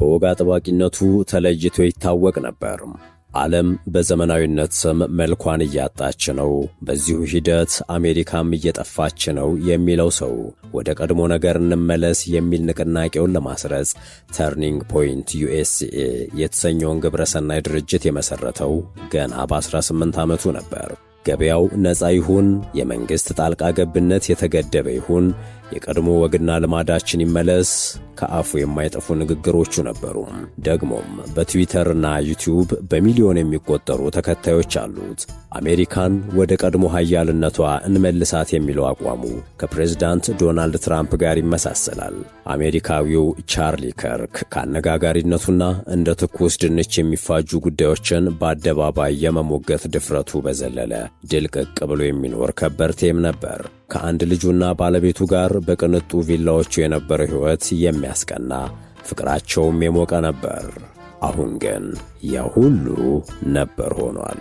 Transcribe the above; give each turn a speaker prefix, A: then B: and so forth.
A: በወግ አጥባቂነቱ ተለይቶ ይታወቅ ነበር። ዓለም በዘመናዊነት ስም መልኳን እያጣች ነው፣ በዚሁ ሂደት አሜሪካም እየጠፋች ነው የሚለው ሰው ወደ ቀድሞ ነገር እንመለስ የሚል ንቅናቄውን ለማስረጽ ተርኒንግ ፖይንት ዩኤስኤ የተሰኘውን ግብረሰናይ ድርጅት የመሠረተው ገና በ18 ዓመቱ ነበር። ገበያው ነፃ ይሁን፣ የመንግሥት ጣልቃ ገብነት የተገደበ ይሁን፣ የቀድሞ ወግና ልማዳችን ይመለስ ከአፉ የማይጠፉ ንግግሮቹ ነበሩ። ደግሞም በትዊተርና ዩቲዩብ በሚሊዮን የሚቆጠሩ ተከታዮች አሉት። አሜሪካን ወደ ቀድሞ ሀያልነቷ እንመልሳት የሚለው አቋሙ ከፕሬዝዳንት ዶናልድ ትራምፕ ጋር ይመሳሰላል። አሜሪካዊው ቻርሊ ከርክ ከአነጋጋሪነቱና እንደ ትኩስ ድንች የሚፋጁ ጉዳዮችን በአደባባይ የመሞገት ድፍረቱ በዘለለ ድልቅቅ ብሎ የሚኖር ከበርቴም ነበር። ከአንድ ልጁና ባለቤቱ ጋር በቅንጡ ቪላዎቹ የነበረው ሕይወት የሚያስቀና ፍቅራቸውም የሞቀ ነበር። አሁን ግን ያ ሁሉ ነበር ሆኗል።